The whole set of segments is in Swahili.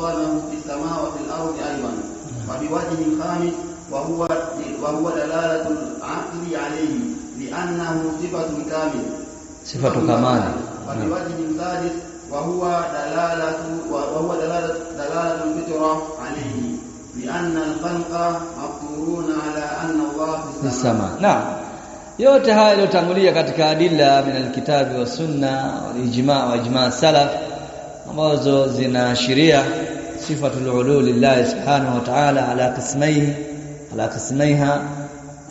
aswanahu fi samawati al-ardi aywan wa biwajhi khamis wa huwa wa huwa dalalatu al-aqli alayhi li annahu sifatu kamil sifatu kamal wa biwajhi thalith wa huwa dalalatu wa huwa dalalatu dalalatu al-fitrah alayhi li anna al-khalqa maqruna ala anna Allah fi samaa na yote haya yalotangulia katika adilla min al-kitabi wa sunna wal ijma' wa ijma' salaf ambazo zinaashiria صفة العلو لله سبحانه وتعالى على قسميه على قسميها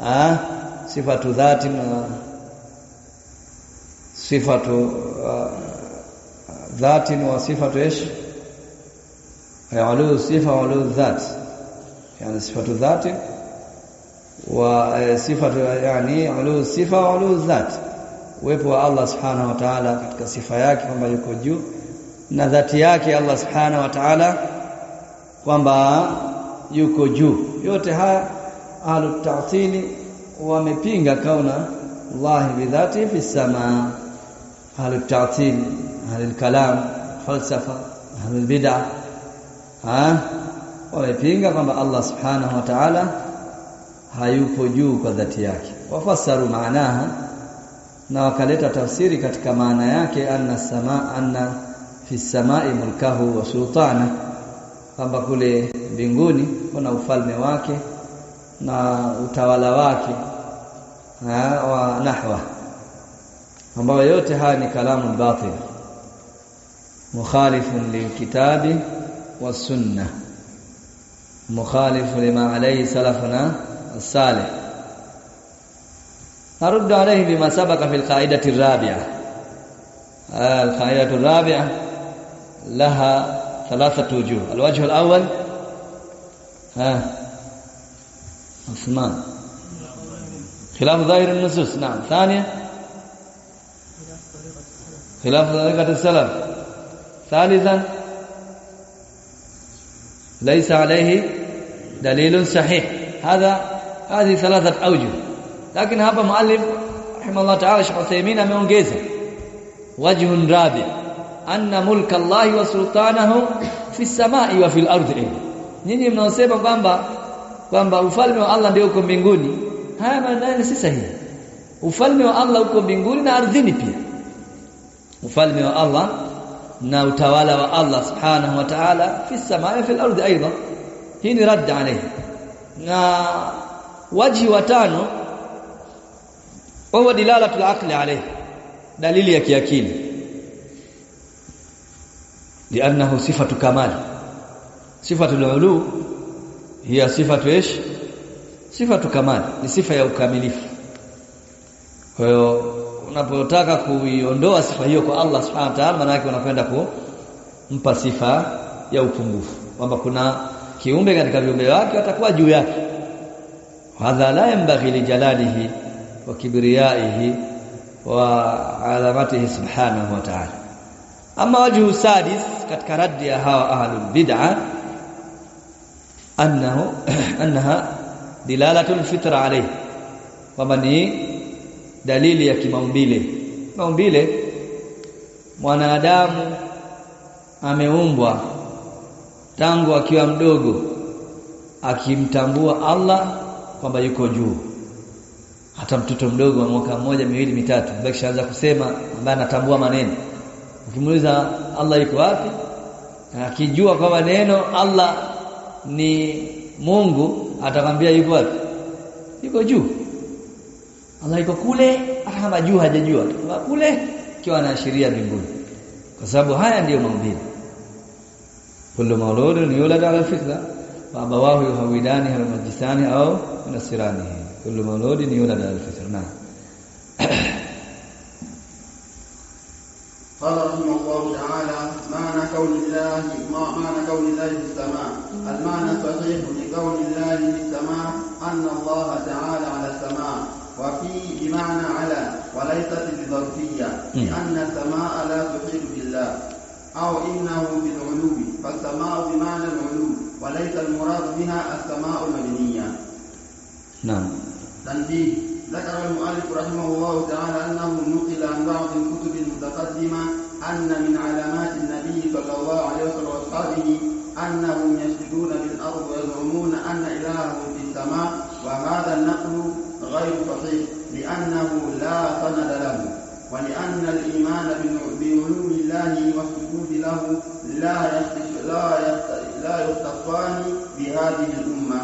آه صفة ذات صفة ذات وصفة ايش علو الصفة وعلو الذات يعني صفة الذات وصفة يعني علو الصفة وعلو الذات uwepo wa Allah subhanahu wa ta'ala katika sifa yake kwamba yuko juu na dhati yake Allah subhanahu wa ta'ala kwamba yuko juu. Yote haya ahlu tatili wamepinga kauna Allah bidhati fi samaa. Ahlu taatili, ahlu kalam, falsafa, ahlu bid'a wamepinga kwamba Allah subhanahu wa ta'ala hayupo juu kwa dhati yake. Wafasaru maanaha na wakaleta tafsiri katika maana yake, anna sama anna fi samai mulkahu wa sultana kwamba kule mbinguni kuna ufalme wake na utawala wake ha, wa nahwa ambayo yote haya ni kalamu batil mukhalifun lilkitabi wasunna mukhalifu lima alayhi salafuna asale narudu alayhi bima sabaka fil qaidati rabi'a al qaidatu rabi'a laha ثلاثة وجوه الوجه الأول ها عثمان خلاف ظاهر النصوص نعم ثانية خلاف طريقة السلف ثالثا ليس عليه دليل صحيح هذا هذه ثلاثة أوجه لكن هذا مؤلف رحمه الله تعالى شيخ عثيمين ameongeza وجه رابع أن ملك الله وسلطانه في السماء وفي الأرض نيني منوسيبا قامبا قامبا وفالم الله ديوك من قولي ها ما هي سيسهي وفالم الله وكم من قولي نارضيني بي وفالم الله و الله سبحانه وتعالى في السماء وفي الأرض أيضا هنا رد عليه نا وجه وتانو وهو دلالة العقل عليه دليل يكي كيني li'annahu sifatu kamali sifatu al-ulu hiya sifatu ish sifatu kamali ni sifa ya ukamilifu kwa unapotaka kuiondoa sifa hiyo kwa Allah subhanahu wa ta'ala maana yake unakwenda kumpa sifa ya upungufu kwamba kuna kiumbe katika viumbe wake atakuwa juu yake hadha la yambaghi li jalalihi wa kibriyaihi wa alamatihi subhanahu wa ta'ala ama wajhu sadis katika raddi ya hawa ahlul bid'a annahu annaha dilalatul fitra alayh kwamba ni dalili ya kimaumbile. Maumbile mwanadamu ameumbwa tangu akiwa mdogo, akimtambua Allah kwamba yuko juu. Hata mtoto mdogo wa mwaka mmoja, miwili, mitatu, kishaanza kusema, ambaye anatambua maneno, ukimuuliza Allah yuko wapi, akijua kwamba neno Allah ni Mungu, atakwambia yuko wapi? Yuko juu. Allah yuko kule, kama juu hajajua kule, ikiwa anaashiria mbinguni, kwa sababu haya ndiyo maumbile. Kullu mauludun yulad ala fitra wa abawahu yuhawidani al majisani au nasirani, kullu mauludin yulad ala fitra. Naam. قال رحمه الله تعالى معنى قول الله معنى قول الله في السماء المعنى الصحيح لقول الله في السماء أن الله تعالى على السماء وفي بمعنى على وليست بظرفية لأن السماء لا تحيط بالله أو إنه بالعلو فالسماء بمعنى العلو وليس المراد بها السماء المبنية نعم تنبيه ذكر المؤلف رحمه الله تعالى أنه نقل عن بعض الكتب المتقدمة أن من علامات النبي صلى الله عليه وسلم وأصحابه أنهم يسجدون بالأرض ويزعمون أن إلههم في السماء وهذا النقل غير صحيح لأنه لا سند له ولأن الإيمان بعلوم الله والسجود له لا لا يختصان بهذه الأمة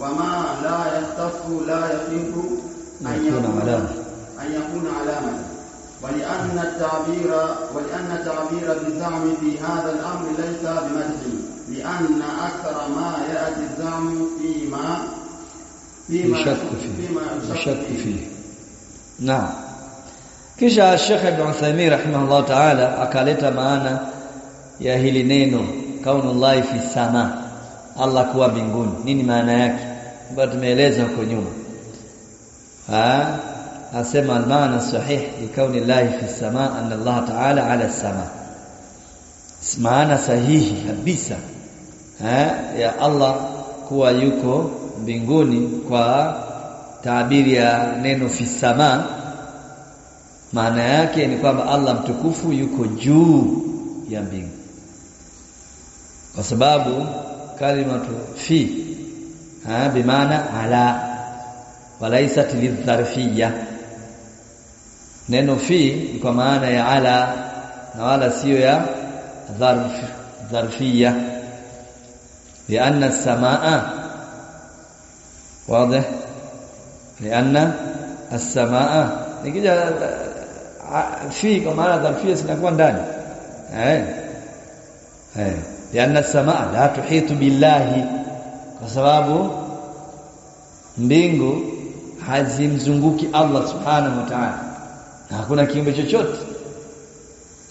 وما لا يختص لا يصح أن يكون علامة أن يكون علامة ولأن التعبير ولأن التعبير بالزعم في هذا الأمر ليس بمدح لأن أكثر ما يأتي الزعم فيما فيما يشك فيه يشك فيه. فيه. نعم كيش الشيخ ابن عثيمين رحمه الله تعالى أكلت معنا يا هيلينينو كون الله في السماء الله كوا بنقول نين معنى يك بعد ما يلزم كنيوم Ah, asema almaana sahih likauni llahi fi samaa anna Allah ta'ala ala sama maana sahihi kabisa eh, ya Allah kuwa yuko mbinguni kwa taabiri ya neno fi samaa maana yake ni kwamba Allah mtukufu yuko juu ya mbingu kwa sababu kalimatu fi ha eh, bimaana ala walaisat lidharfia. Neno fi ni kwa maana ya ala na wala sio ya dharf, dharfiyya lianna samaa wazi lianna as-samaa nikija eh, fi kwa maana dharfia sinakuwa ndani eh eh lianna samaa la tuhitu billahi kwa sababu mbingu hazimzunguki Allah subhanahu wa ta'ala, na hakuna kiumbe chochote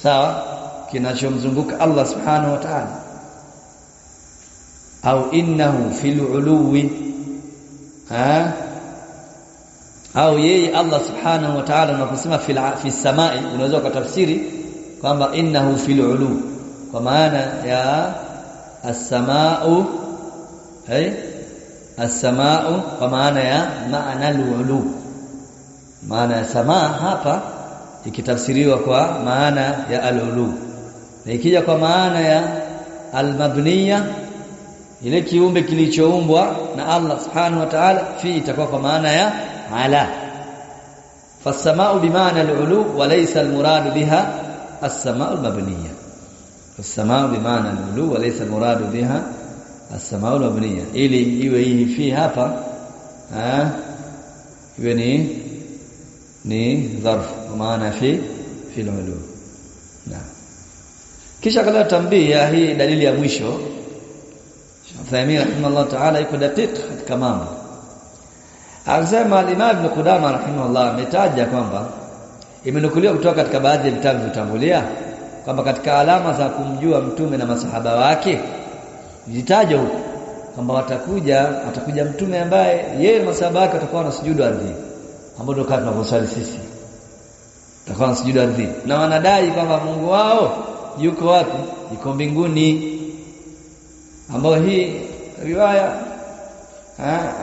sawa kinachomzunguka Allah subhanahu wa ta'ala. Au innahu fil uluwi ha, au yeye Allah subhanahu wa ta'ala unaposema fi samai, unaweza ukatafsiri kwamba innahu fil ulu, kwa maana ya as-samau hey eh? As-samau kwa maana ya maana al-ulu. Maana ya samaa hapa ikitafsiriwa kwa maana ya al-ulu. Na ikija kwa maana ya al-mabniya ile kiumbe kilichoumbwa na Allah subhanahu wa ta'ala fi itakuwa kwa maana ya ala. Fasamau bimaana al-ulu wa laysa al-murad biha as-samau al-mabniya. Fasamau bimaana al-ulu wa laysa al-murad biha asmaul mabniya ili iwe hii fi hapa iwe ni ni dharf maana fi fi al na kisha kala tambia hii dalili ya mwisho Shafi'i rahimahullah ta'ala iko dakika katika mambo Akasema Imam Ibn Qudama rahimahullah ametaja kwamba imenukuliwa kutoka katika baadhi ya vitabu vitangulia kwamba katika alama za kumjua mtume na masahaba wake jitajo huko kwamba watakuja atakuja mtume ambaye yeye masaba yake atakuwa na sujudu ardhi ambao ndio kama tunavyosali sisi atakuwa na sujudu ardhi na wanadai kwamba Mungu wao yuko wapi yuko mbinguni ambao hii riwaya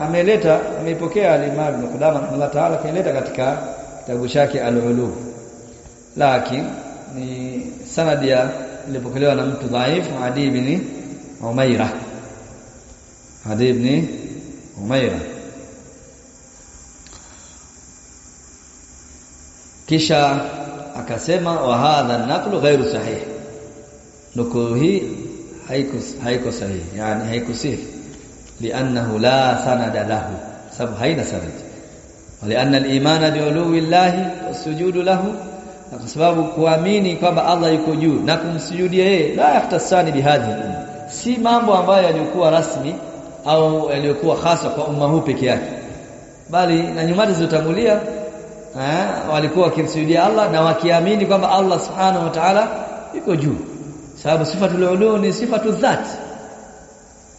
ameleta ameipokea al na kudama na Allah ta'ala kaileta katika kitabu chake al-Ulum lakini ni sanadi ya ilipokelewa na mtu dhaifu Adi ibn عميرة هادي بن عميرة كيشا أكاسيما وهذا النقل غير صحيح نكوهي هيكو هيكو صحيح يعني هيكو صحيح لأنه لا سند له سب هين سند ولأن الإيمان بعلو الله والسجود له أسباب كواميني كما الله يكون يو سجود إيه؟ لا يختصان بهذه الأمور si mambo ambayo yalikuwa rasmi au yaliokuwa hasa kwa umma huu peke yake bali na nyumati zilizotangulia eh, walikuwa wakimsujudia Allah na wakiamini kwamba Allah subhanahu wa ta'ala yuko juu sababu sifatul ulu ni tu dhati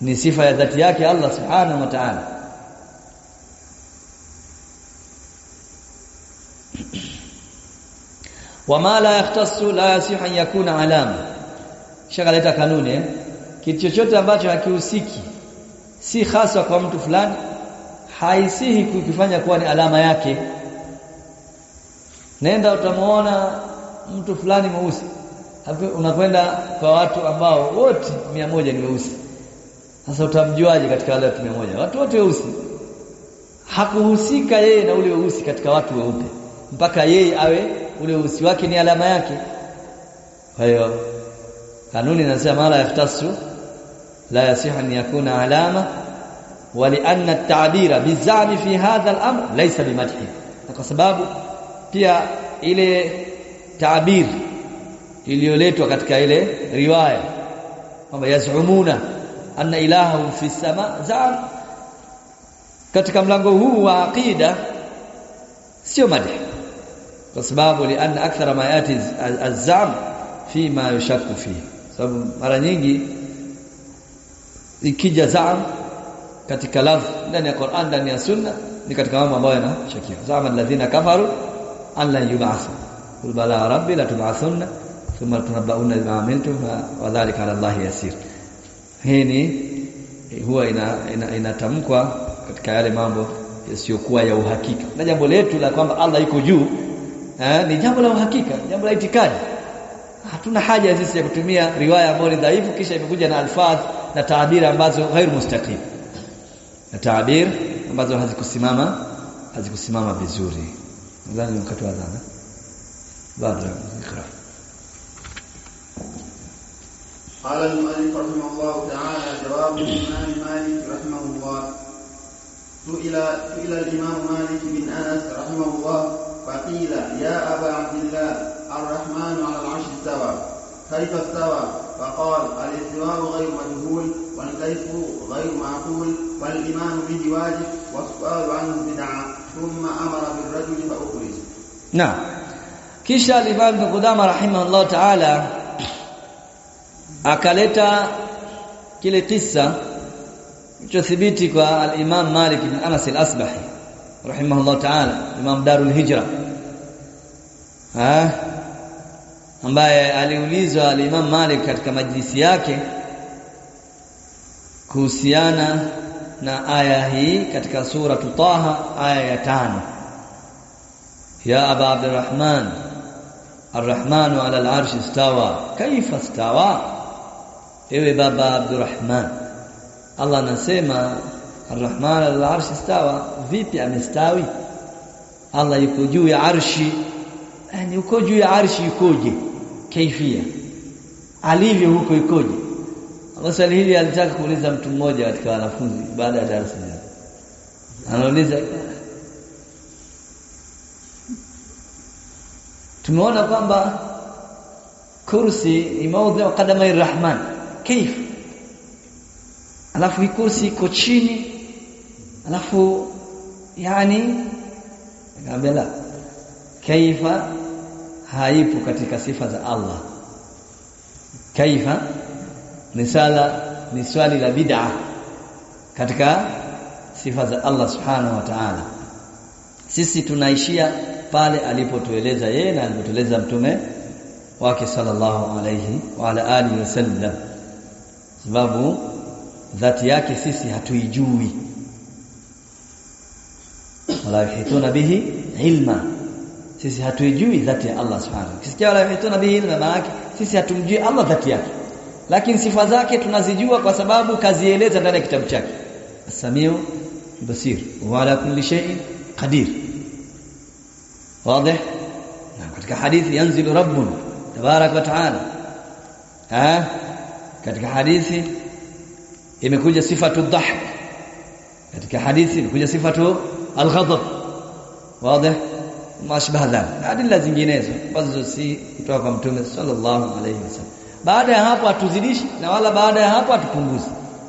ni sifa ya dhati yake Allah subhanahu wa ta'ala wama la yahtassu la yasihu an yakuna alama leta kanuni eh? kitu chochote ambacho hakihusiki si haswa kwa mtu fulani haisihi kukifanya kuwa ni alama yake nenda utamuona mtu fulani mweusi unakwenda kwa watu ambao wote moja ni weusi sasa utamjuaje katika wale watu moja watu wote weusi hakuhusika yeye na ule weusi katika watu weupe mpaka yeye awe ule weusi wake ni alama yake kwa hiyo kanuni inasema mara yaftasu لا يصح أن يكون علامة ولأن التعبير بالزعم في هذا الأمر ليس بمدح فكسباب بيا إلي تعبير إلي وليت وكتك إلي رواية وما يزعمون أن إلههم في السماء زعم كتك ملنقو هو وعقيدة سيو مدح كسباب لأن أكثر ما يأتي الزعم فيما يشك فيه سبب مرة نيجي ikija zaam katika lafzi ndani ya Qur'an ndani ya Sunna ni katika mambo ambayo yanashakiwa zama alladhina kafaru an la yub'athu qul bala rabbi la tub'athunna thumma tunabbauna bima amiltu wa wadhalika ala allahi yasir hii ni huwa inatamkwa ina, ina katika yale mambo yasiyokuwa ya uhakika na jambo letu la kwamba Allah yuko juu eh, ni jambo la uhakika jambo la itikadi hatuna haja sisi ya kutumia riwaya ambayo ni dhaifu kisha imekuja na alfadhi na taabiri ambazo ghairu mustaqim na taabiri ambazo hazikusimama hazikusimama vizuri nadhani wakati wa dhana baada ya ikra قال المؤلف رحمه الله تعالى جواب الإمام مالك رحمه الله سئل سئل الإمام مالك بن أنس رحمه الله فقيل يا أبا عبد الله الرحمن على العرش استوى كيف استوى فقال الاستواء غير مجهول والكيف غير معقول والايمان به واجب والسؤال عنه بدعه ثم امر بالرجل فاخرج نعم كيشا الامام بن قدامه رحمه الله تعالى اكلتا kile tisa kilichothibiti kwa alimam malik bin anas alasbahi rahimahullah taala imam darul hijra ha ambaye aliulizwa al-Imam Malik katika majlisi yake kuhusiana na aya hii katika sura Taha aya ya tano ya Aba Abdurrahman Ar-Rahman ala al-arsh istawa kaifa istawa ewe baba Abdurrahman Allah anasema Ar-Rahman ala al-arsh istawa vipi amestawi Allah yuko juu ya arshi yani yuko juu ya arshi yukoje kaifia alivyo huko ikoje Allah swali hili alitaka kuuliza mtu mmoja katika wanafunzi baada ya darasa anauliza tumeona kwamba kursi ni maudhi wa kadamai rahman kaif alafu kursi iko chini alafu yani ngambela kaifa haipo katika sifa za Allah. Kaifa ni sala ni swali la bid'a katika sifa za Allah subhanahu wa ta'ala. Sisi tunaishia pale alipotueleza yeye na alipotueleza mtume wake sallallahu alayhi wa ala alihi wasallam, sababu dhati yake sisi hatuijui, wala hituna bihi ilma sisi hatuijui dhati ya Allah subhanahu wa ta'ala. kisikia wala yamituna bihi ilma maana sisi hatumjui Allah dhati yake lakini sifa zake tunazijua kwa sababu kazieleza ndani ya kitabu chake asamiu basir wa ala kulli shay'in qadir wazi na katika hadithi yanzilu rabbun tabarak wa taala ha katika hadithi imekuja sifatu dhahk katika hadithi imekuja sifatu alghadab wazi mashbah dhambi adilla zinginezo ambazo si kutoka kwa Mtume sallallahu alayhi wasallam. Baada ya hapo hatuzidishi na wala baada ya hapo hatupunguzi,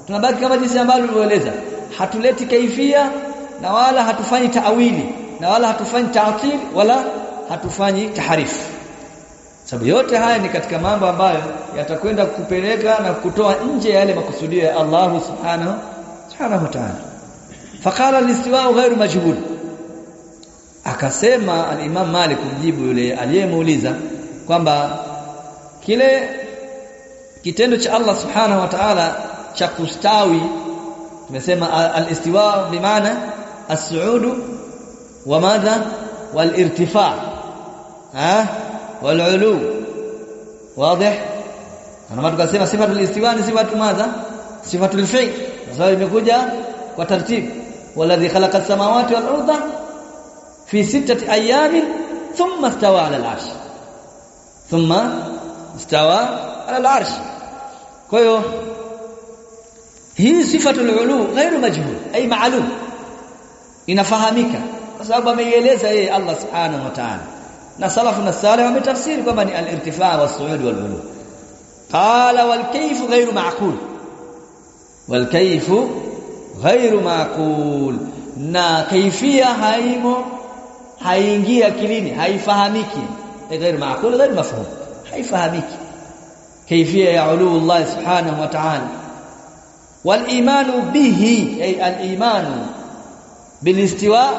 tunabaki kama jinsi ambavyo tulivyoeleza, hatuleti kaifia na wala hatufanyi taawili na wala hatufanyi taatil wala hatufanyi taharif sababu yote haya ni katika mambo ambayo yatakwenda kupeleka na kutoa nje yale makusudio ya Allahu subhanahu subhanahu wa ta'ala. Faqala al-istiwa ghairu majhuli akasema al-Imam Malik kujibu yule aliyemuuliza kwamba kile kitendo cha Allah subhanahu wa ta'ala cha kustawi tumesema al-istiwa bi maana as-su'udu wa madha wal-irtifa ha wal-ulu wazi ana tukasema sifatu al-istiwa ni sifatu madha sifatu al-fi'l sababu imekuja kwa taratibu waladhi khalaqa as-samawati wal-ardha في ستة أيام ثم استوى على العرش ثم استوى على العرش كيو هي صفة العلو غير مجهول أي معلوم إن فهمك أصاب من يليس أي الله سبحانه وتعالى نصلفنا السالح من تفسير كمان الارتفاع والصعود والعلو قال والكيف غير معقول والكيف غير معقول نا كيفية هايمو haingii akilini haifahamiki غير معقول غير مفهوم haifahamiki kaifia ya uluu Allah subhanahu wa ta'ala والايمان به اي الايمان بالاستواء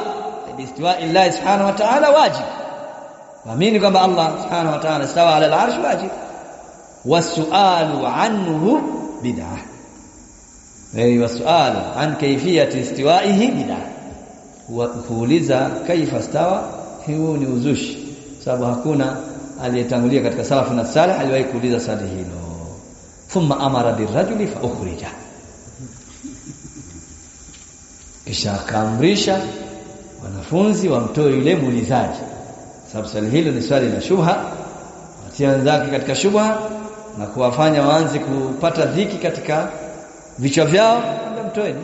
باستواء الله سبحانه وتعالى واجب waamini kwamba Allah subhanahu wa ta'ala sawa ala al-arsh wajib wasu'alu anhu bid'ah ay wasu'alu an kayfiyati istiwa'ihi bid'ah kuuliza kaifa stawa hiyo ni uzushi sababu hakuna aliyetangulia katika salafu na salih aliwahi kuuliza swali hilo thumma amara birajuli fa ukhrija kisha akaamrisha wanafunzi wamtoe yule muulizaji sababu swali hilo ni swali la shubha watia wenzake katika shubha na kuwafanya waanze kupata dhiki katika vichwa vyao mtoeni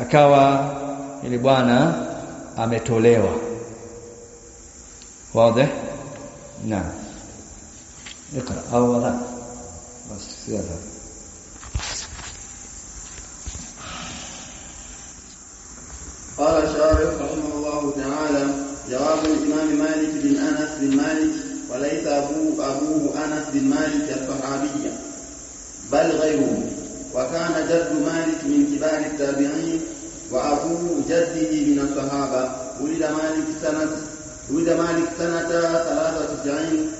akawa ili bwana ametolewa واضح نعم اقرا اولا بس يلا قال الشارع رحمه الله تعالى جواب الامام مالك بن انس بن مالك وليس ابوه ابوه انس بن مالك الصحابي بل غيره وكان جد مالك من كبار التابعين وأبو جده من الصحابة ولد مالك سنة ولد مالك سنة ثلاثة وتسعين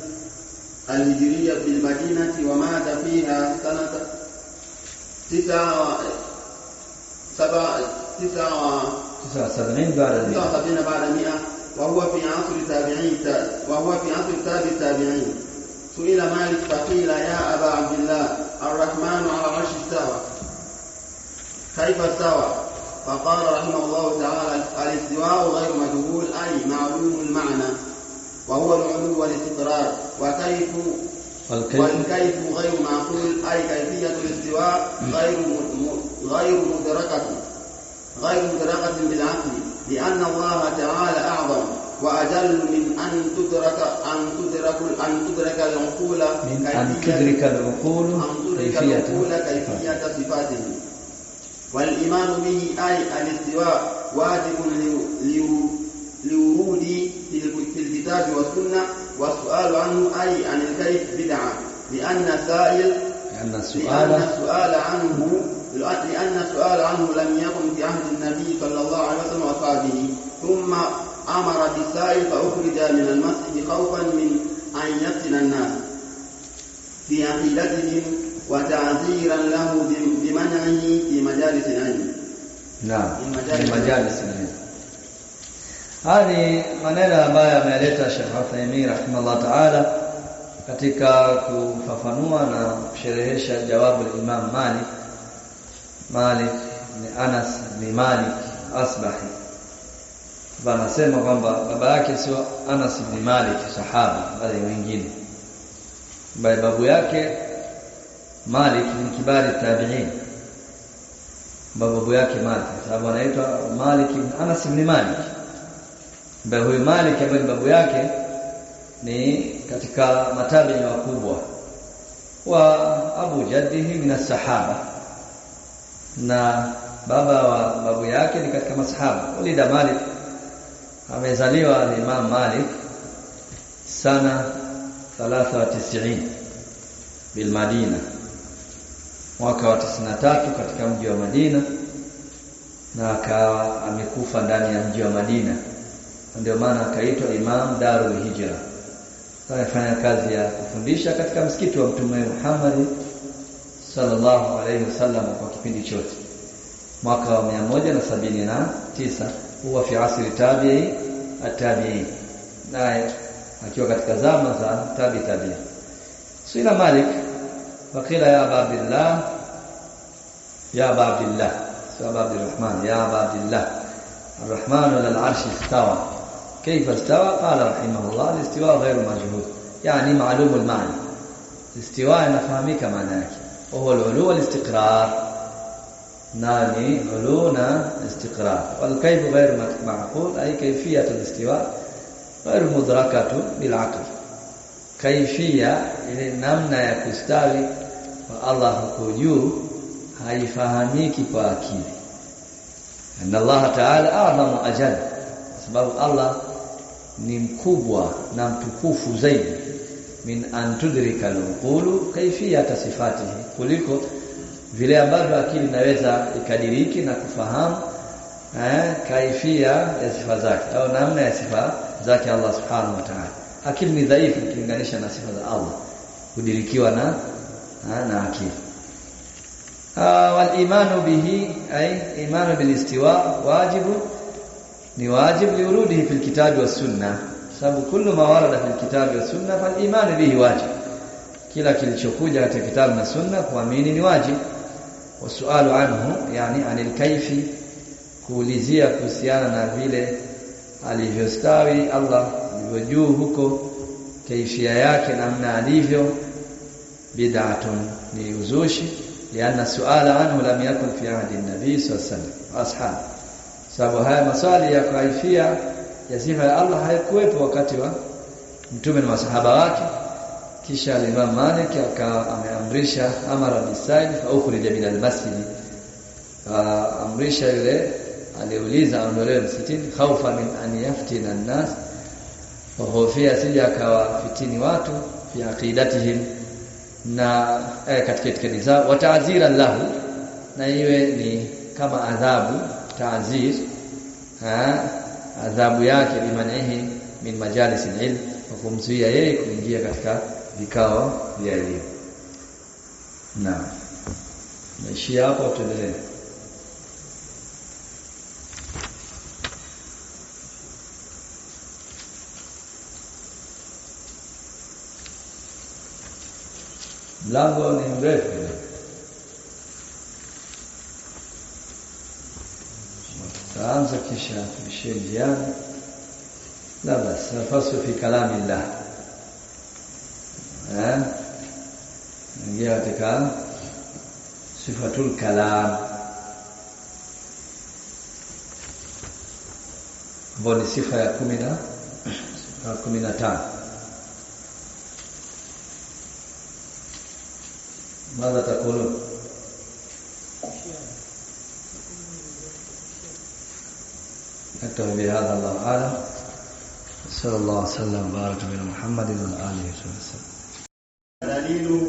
الهجرية في المدينة ومات فيها سنة تسعة سبعة تسعة تسعة سبعين بعد مئة تسعة سبعين بعد مئة وهو في عصر التابعين وهو في عصر تابع التابعين سئل مالك فقيل يا أبا عبد الله الرحمن على العرش استوى كيف استوى؟ فقال رحمه الله تعالى الاستواء غير مجهول أي معلوم المعنى وهو العلو والاستقرار وكيف والكيف, غير معقول أي كيفية الاستواء غير غير مدركة غير مدركة بالعقل لأن الله تعالى أعظم وأجل من أن تدرك أن تدرك أن تدرك العقول من أن تدرك العقول كيفية صفاته والإيمان به أي الاستواء واجب لورود في الكتاب والسنة والسؤال عنه أي عن الكيف بدعة لأن السائل لأن السؤال لأن السؤال عنه لأن السؤال عنه لم يكن في عهد النبي صلى الله عليه وسلم وأصحابه ثم أمر بالسائل فأخرج من المسجد خوفا من أن يفتن الناس في عقيدتهم وتعذيرا له ni maneno ambayo ameleta Sheikh Uthaymeen rahimahullah taala katika kufafanua na kusherehesha jawabu la Imam Malik Malik ni Anas ni Malik Asbahi anasema kwamba baba yake sio Anas ni Malik sahaba bali wengine bali babu yake Malik ni kibari tabi'in babu yake Malik sababu anaitwa Malik ibn Anas ibn Malik Ba huyu Malik ambaye babu yake ni katika matabi'i wakubwa wa Abu Jaddihi min sahaba na baba wa babu yake ni katika masahaba ulida Malik amezaliwa ni Imam Malik sana 93 bil Madina mwaka wa tisini tatu katika mji wa Madina na akawa amekufa ndani ya mji wa Madina, ndio maana akaitwa Imam Darul Hijra. Alifanya kazi ya kufundisha katika msikiti wa Mtume Muhammad sallallahu alaihi wasallam kwa kipindi chote. Mwaka wa 179 huwa fi asri tabi'i atabi'i, naye akiwa katika zama za tabi tabi'i. Sina Malik فقيل يا أبا عبد الله يا أبا عبد الله يا أبا عبد الرحمن يا أبا عبد الله الرحمن على العرش استوى كيف استوى قال رحمه الله الاستواء غير مجهول يعني معلوم المعنى الاستواء نفهمك معناك وهو العلو والاستقرار ناني علونا استقرار والكيف غير معقول أي كيفية الاستواء غير مدركة بالعقل كيفية ile namna ya kustawi kwa Allah huko juu haifahamiki kwa akili. na Allah Ta'ala a'lamu ajal, kwa sababu Allah ni mkubwa na mtukufu zaidi min an tudrika al-uqulu kaifiyata sifatihi, kuliko vile ambavyo akili inaweza ikadiriki na kufahamu eh, kaifia ya sifa zake au namna ya sifa zake Allah Subhanahu wa Ta'ala. Akili ni dhaifu kulinganisha na sifa za Allah kudirikiwa na na akili ah wal imanu bihi ay imanu bil istiwa wajibu ni wajibu yurudi fil kitab wa sunna sababu kullu ma warada fil kitab wa sunna fal imanu bihi wajib kila kilichokuja katika kitabu na sunna kuamini ni wajibu su'alu anhu yani anil kaifi kuulizia kuhusiana na vile alivyostawi Allah alivyojuu huko kaifia yake namna alivyo bid'atun ni uzushi lianna suala anhu lam yakun fi ahdi nabi sallallahu alaihi wasallam sababu haya maswali ya kaifia ya sifa ya Allah hayakuwepo wakati wa mtume na masahaba wake kisha al-Imam Malik akawa ameamrisha amara bisaid fa ukhrij min al-masjid amrisha yule aliuliza aondolewe msitini khaufa min an yaftina an-nas wahofia akawa fitini watu fi aqidatihim na eh, katika itikadi zao wataazira lahu na iwe ni kama adhabu taazir ha adhabu yake bimanihi min majalis ilm wa kumzuia yeye kuingia katika vikao vya elimu na naishia hapo tuendelee Mlango ni mrefu. Tutaanza kisha tuishie njiani. La basi, nafasu fi kalamillah llah. Eh? Ingia katika sifatul kalam. Ambayo ni sifa ya kumi na tano ماذا تقولون نكتب بهذا الله أعلم صلى الله وسلم وبارك على محمد وعلى آله وصحبه وسلم دليل